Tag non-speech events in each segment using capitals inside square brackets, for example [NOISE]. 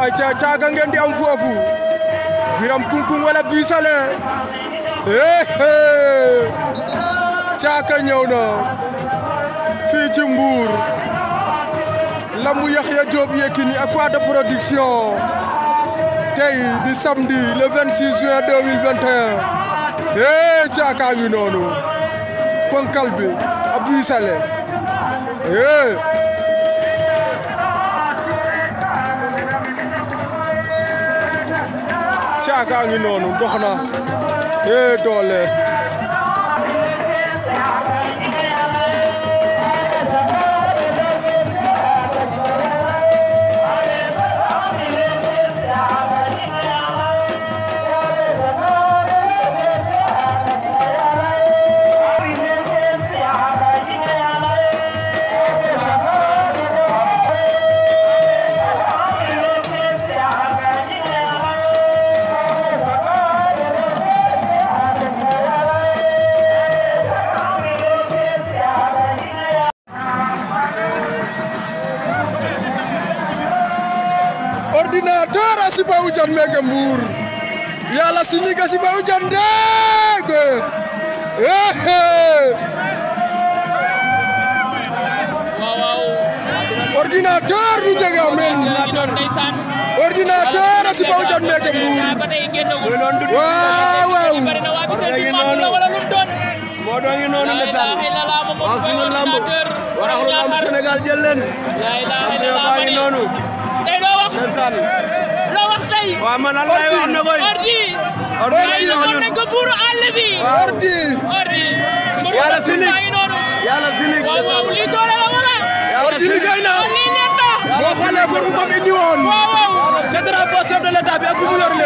ay ca caaga ngeen di am foofu biram kunkun wala biisale eh, eh. caaka ñëw na fii ci Mbour lambu Yaxya Diop Yékini ak Fada Production tey di samedi le 26 juin 2021 eh caaka ngi noonu konkal bi a biisale eh caaka ngi noonu dox na e doole ordinateur asiba hujan mege mbuur ya la sini ga siba hujan dégg ordinateur ni jega men ordinateur asiba hujan mege mbuur waaw Wow, wow doon ngi noonu la ndeysaan wax tey waaw man lan lay wax na koy ordi bi ordi ordi yàlla silik yàlla silik waaw li doole la wala ordi liggéey na boo xoolee pour bu ko indi woon te drapeau chef de l'état bi ak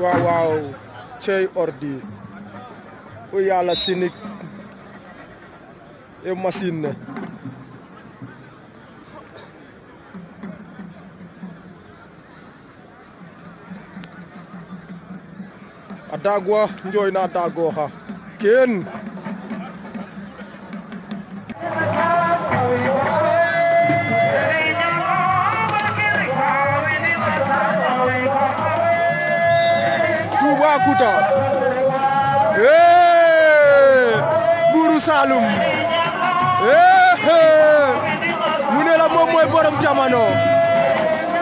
waaw waaw cey ordi o yàlla sinik e machine ne a daag njooy na daagooxa kenn Toubacouta eh buuru Saloum eh mu ne la moom mooy borom jamono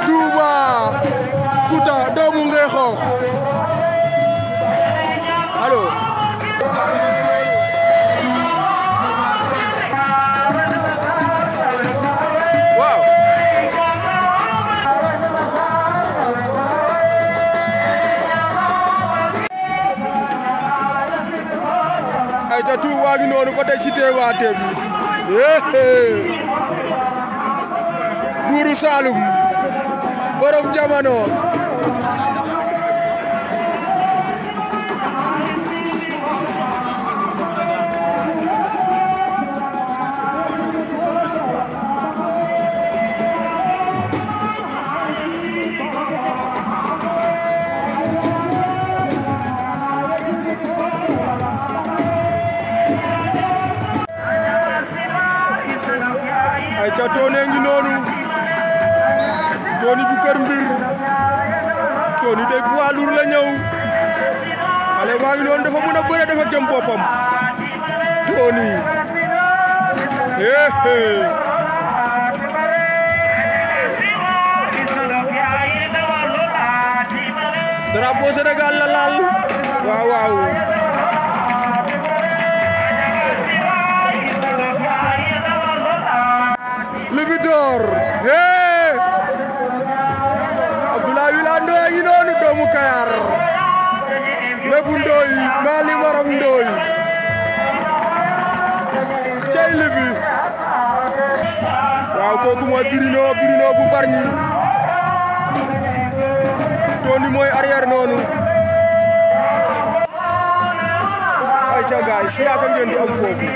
Toubacouta doomu ngay xoox aca Touba ngi noonu ba tey si teewaatee eh, eh. bi buuru Saalum borom jamono ay ca Toné ngi noonu Tony bu kër mbir Tony day poids lourd la ñëw xale waa ngi noonu dafa mën a bëre dafa gëm boppam Tony eh drapeau Sénégal la laal waaw waaw bi hee Abdoulaye Wilane Ndoye a ngi noonu doomu Kayar Lébu Ndoye Mali Morong Ndoye cey libi waaw kooku mooy Birino Birino bu Bargny Tony mooy arrière noonu ay ca gaay si yaa ko ngeen di am foofu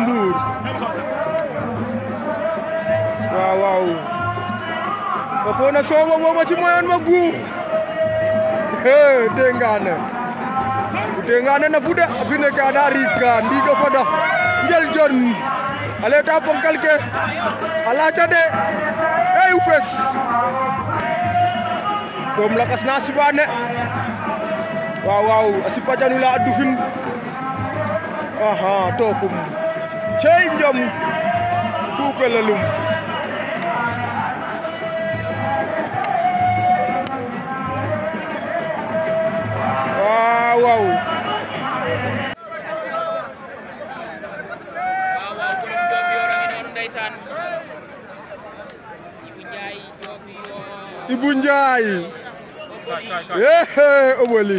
bu Mbour waaw waaw fopona sooma moyoon ma guux dengane dengane na fuda afine kada rika ndiga fada njel jon ale ponkal ke ala cade ey fes lakas na sibane waaw waaw adufin aha tokum cey njom cuupelalum waaw waaw Ibu Njaay éé oboli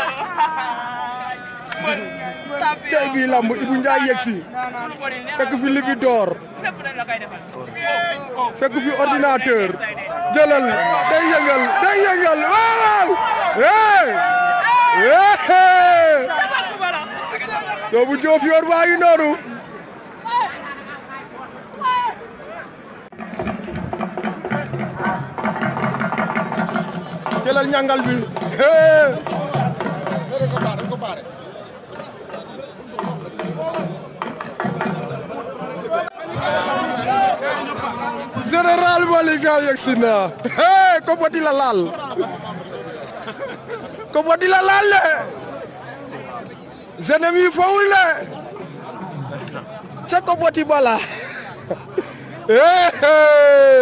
tey bi lamb Ibou Ndiaye yegg fekk fi Libidor fekk fi ordinateur jëlal day yengal day yengal waaw hey hey doomu Diop yor baa ngi noonu ñangal bi hey général Malika yegsi na hey Kopati la laal Kopati la laal le zenem yi fawul le ca Kopati bala hey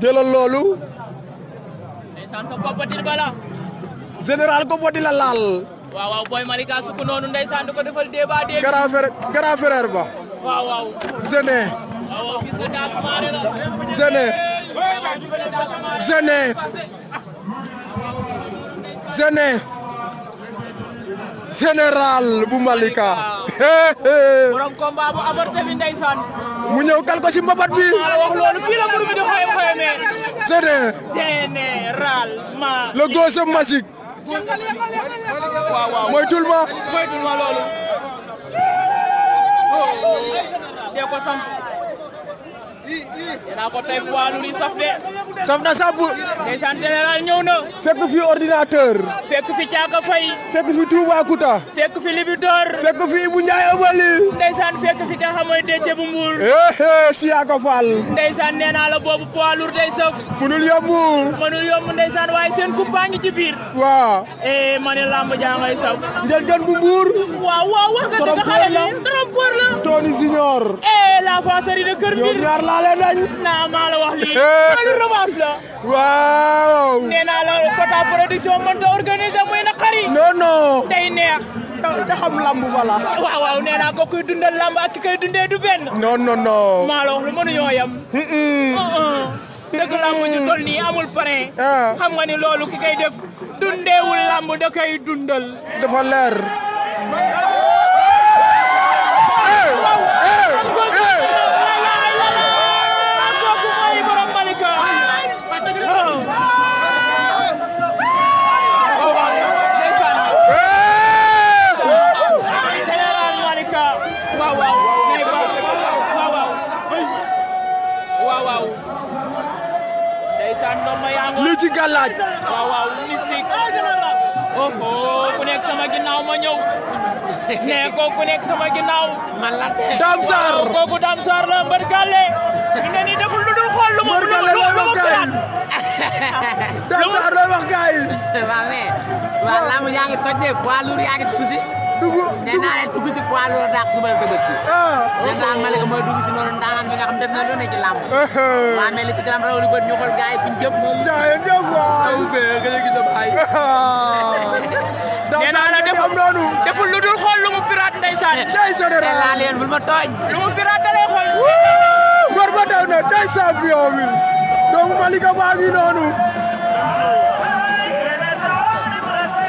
jëlal loolu général Kopati la laal waaw waaw boy Malika sukk noonu ndeysaan du ko defal débat dé grand frère grand frère ba waaw waaw zene Zene Zene Zene général bu Malika. borom combat bu avorté bi ndeysaan. mu ñëw kal ko si loolu fii la mburu mi di xoy xoyame. Zene. général ma. le gauche magique. waaw waaw moytul ma. ma loolu. danaa ko tey waa lu fekk fi ordinateur. fekk fi Thiaka Faye. fekk fi Toubacouta. fekk fi Libidor. fekk fi Ibou Ndiaye Obali. ndeysaan fekk fi nga xam mooy Déthié bu Mbour. Siaka Fall. ndeysaan nee la boobu poids day saf. ci wa eh ma lamb jaa ngay saf. njëljoon bu Mbour. wa wa wa nga Ngor. eh la brasserie de Kër Mbir. ñoom ñaar laa leen naa maa wax lii. Eh. loolu revanche la. waaw. nee naa la Fata production mënta organiser muy naqari. non non. day neex. te xam lamb bala. waaw waaw nee naa ko kuy dundal lamb ak ki koy du benn. non non wax lu mënuñoo yem. Ah, ah. lamb ju toll nii amul parrain. Eh. xam nga ni loolu ki koy def dundeewul lamb da dundal. dafa leer. nga laaj. waaw waaw mystique. oh oh ku sama ginnaaw ma ñëw. ku nekk sama de. Dame Sarr waaw kooku Dame ma lu ma lu ma lu ma lu ma ma [LAUGHS] lu ma lu ma lu ma lu ma lu ma lu ma lu ma lu ma lu lu ma lu ma lu ma lu ma lu ma lu ma wax gaay yi. [LAUGHS] waaw mais waaw làmb yaa ngi toj de poids lourd yaa ngi dugg si. dugg nee naa leen dugg si poids lourd dàq suba la dëgg si. Malika mooy dugg noonu ndaanaan bi nga xam def ne ci làmb. Eh, eh. waaw mais li a yi fi ñu jëm. jaayee jëm waay aw fee nga gis am ay. [LAUGHS] Ah. [LAUGHS] nee naa noonu deful lu dul xool lu mu pirate ndeysaan. ndeysaan nee bul ma tooñ. lu mu pirate da lay xool. góor ba daw na tey champion bi doomu Malika baa ngi noonu.